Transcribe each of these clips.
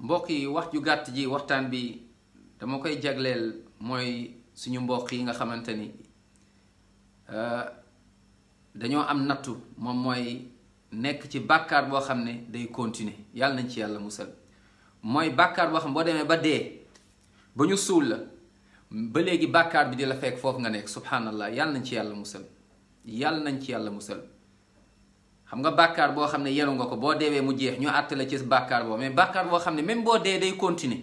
mbokk yi wax ju gàtt ji waxtaan bi dama koy jagleel mooy suñu mbokk yi nga xamante ni euh, dañoo am nattu moom mooy nekk ci bàkkaar boo xam ne day continuer yàlla nañ ci yàlla musal mooy bàkkaar boo xam boo demee ba dee ba ñu suul la ba léegi bàkkaar bi di la fekk foofu nga nekk subhanallah yàlla nañ ci yàlla musal yàlla nañ ci yàlla musal xam nga bàkkaar boo xam ne yelu nga ko boo deewee mu jeex ñu àtt la ci bàkkaar boobu mais bàkkaar boo xam ne même boo dee day continuer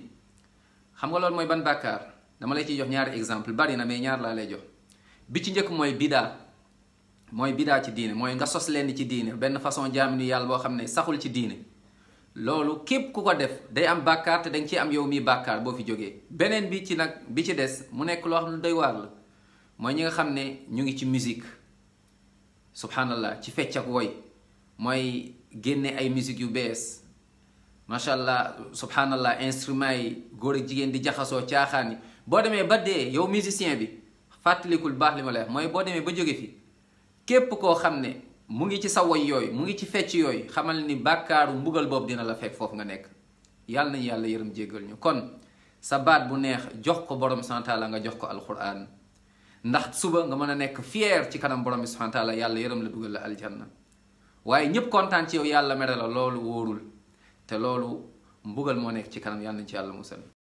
xam nga loolu mooy ban bàkkaar dama lay ciy jox ñaari exemple bari na mais ñaar laa lay jox bi ci njëkk mooy bidaa mooy bidaa ci diine mooy nga sos leen ci diine benn façon jaaminu yàlla boo xam ne saxul ci diine loolu képp ku ko def day am bàkkaar te danga ci am yow mii bàkkaar boo fi jógee beneen bi ci nag bi ci des mu nekk loo xam ne doy mooy ñi nga xam ne ñu ngi ci musique subhanallah ci fecc woy mooy génne ay musique yu bees macha allah subhanallah instrument yi góor ak jigéen di jaxasoo caaxaan yi boo demee ba dee yow musicien bi fàttalikul baax li ma lay mooy boo demee ba jóge fi képp koo xam ne mu ngi ci sawoy yooyu mu ngi ci fecc yooyu xamal ni bàkkaaru mbugal boobu dina la fekk foofu nga nekk yàlla nañu yàlla yërëm jéggal ñu kon sa baat bu neex jox ko borom subhana taala nga jox ko alquran ndax suba nga mën a nekk fier ci kanam borom bi subhana taala yàlla yërëm la dugal la aljanna waaye ñëpp kontaan ci yow yàlla mere la loolu wóorul te loolu mbugal moo nekk ci kanam yàlla nañ ci yàlla musal